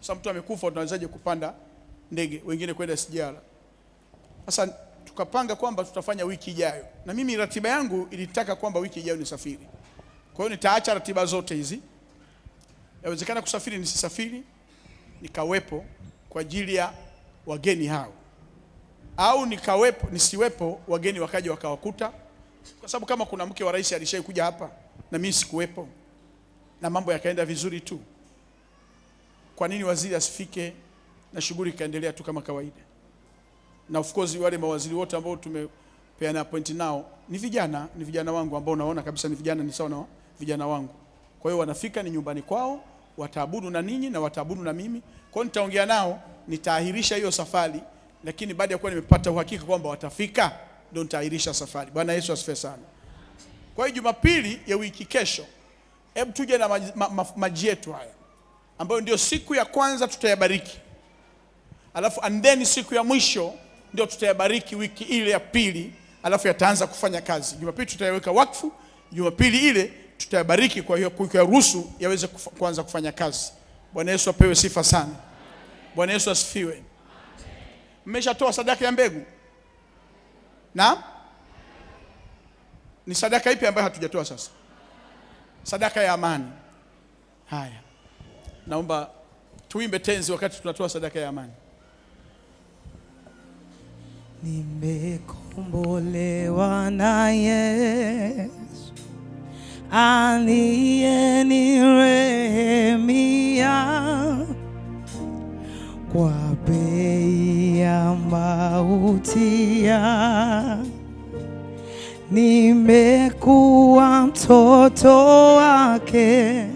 Sasa mtu amekufa, tunawezaje kupanda ndege, wengine kwenda sijara? Sasa tukapanga kwamba tutafanya wiki ijayo, na mimi ratiba yangu ilitaka kwamba wiki ijayo nisafiri. Kwa hiyo nitaacha ratiba zote hizi, yawezekana kusafiri nisisafiri, nikawepo kwa ajili ya wageni hao, au nikawepo nisiwepo, wageni wakaja wakawakuta, kwa sababu kama kuna mke wa rais alishai kuja hapa na mimi sikuwepo, na mambo yakaenda vizuri tu. Kwa nini waziri asifike na shughuli ikaendelea tu kama kawaida? Na of course wale mawaziri wote ambao tumepeana point nao ni vijana, ni vijana wangu ambao unaona kabisa ni vijana, ni sawa na vijana wangu. Kwa hiyo wanafika, ni nyumbani kwao, wataabudu na ninyi na wataabudu na mimi. Kwa hiyo nitaongea nao, nitaahirisha hiyo safari, lakini baada ya kuwa nimepata uhakika kwamba watafika, ndio nitaahirisha safari. Bwana Yesu asifiwe sana. Kwa hiyo Jumapili ya wiki kesho, hebu tuje na maji ma, ma, ma, yetu haya ambayo ndio siku ya kwanza tutayabariki, alafu and then siku ya mwisho ndio tutayabariki wiki ile ya pili, alafu yataanza kufanya kazi. Jumapili tutayaweka wakfu, Jumapili ile tutayabariki, kwa hiyo kuyaruhusu yaweze kuanza kufanya kazi. Bwana Yesu apewe sifa sana. Bwana Yesu asifiwe. Mmeshatoa sadaka ya mbegu na ni sadaka ipi ambayo hatujatoa? Sasa sadaka ya amani. Haya naomba tuimbe tenzi wakati tunatoa sadaka ya amani. Nimekombolewa na Yesu aliyenirehemia kwa bei ya mauti ya Nimekuwa mtoto wake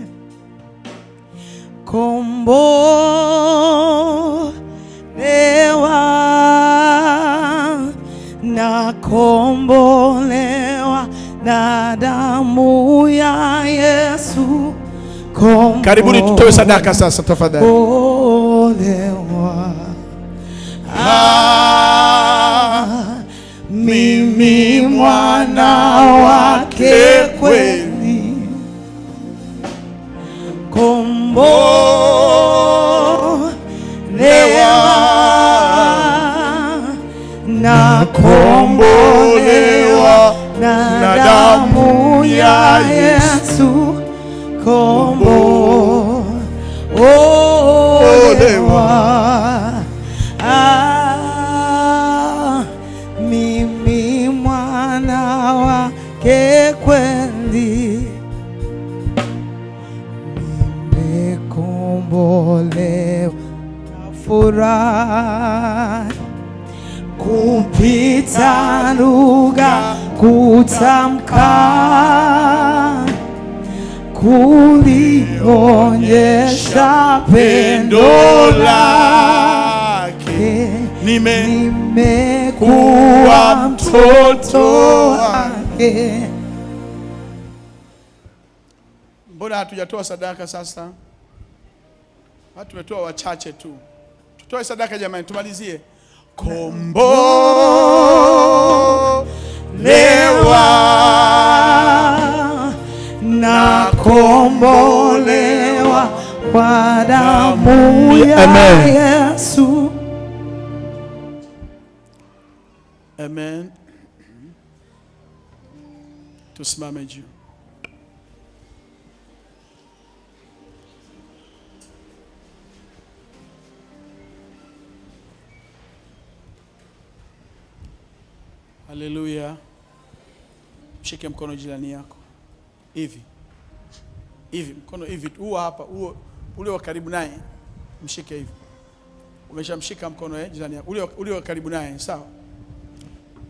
kombolewa nakombolewa kombolewa na damu ya Yesu. karibuni tutoe sadaka sasa tafadhali. Ah, ah, mimi mwana wa nakombolewa na, na damu ya Yesu kombolewa ah, mimi mwana wake kweli nimekombolewa na furaha kupita lugha kutamka kulionyesha pendo lake. Nimekuwa mtoto wake. Mbona hatujatoa sadaka sasa? Tumetoa wachache tu, tutoe sadaka jamani, tumalizie. combo lewa kwa damu ya Amen. Yesu. Amen. Tusimame juu. Haleluya. Mshike mkono jirani yako hivi hivi, mkono hivi huo hapa, huo ule wa karibu naye, mshike hivi. Umeshamshika mkono eh, jirani yako ule ule wa karibu naye, sawa.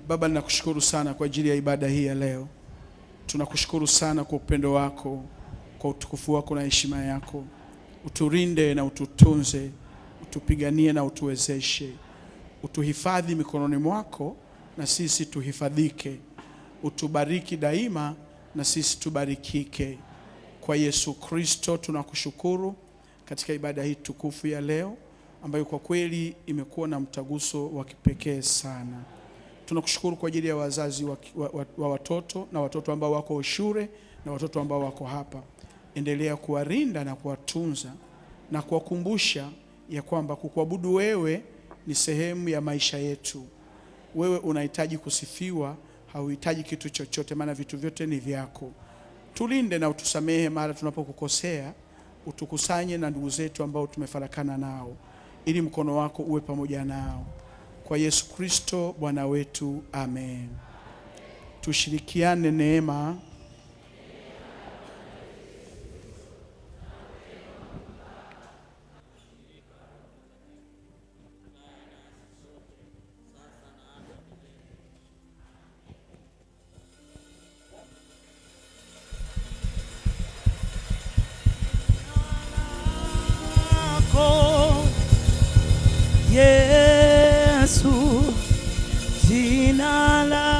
Baba, ninakushukuru sana kwa ajili ya ibada hii ya leo. Tunakushukuru sana kwa upendo wako, kwa utukufu wako na heshima yako. Uturinde na ututunze, utupiganie na utuwezeshe, utuhifadhi mikononi mwako na sisi tuhifadhike, utubariki daima na sisi tubarikike. Kwa Yesu Kristo tunakushukuru katika ibada hii tukufu ya leo ambayo kwa kweli imekuwa na mtaguso wa kipekee sana. Tunakushukuru kwa ajili ya wazazi wa, wa, wa watoto na watoto ambao wako shule na watoto ambao wako hapa. Endelea kuwarinda na kuwatunza na kuwakumbusha ya kwamba kukuabudu wewe ni sehemu ya maisha yetu. Wewe unahitaji kusifiwa, hauhitaji kitu chochote, maana vitu vyote ni vyako. Tulinde na utusamehe mara tunapokukosea, utukusanye na ndugu zetu ambao tumefarakana nao, ili mkono wako uwe pamoja nao, kwa Yesu Kristo Bwana wetu, amen. Tushirikiane neema love.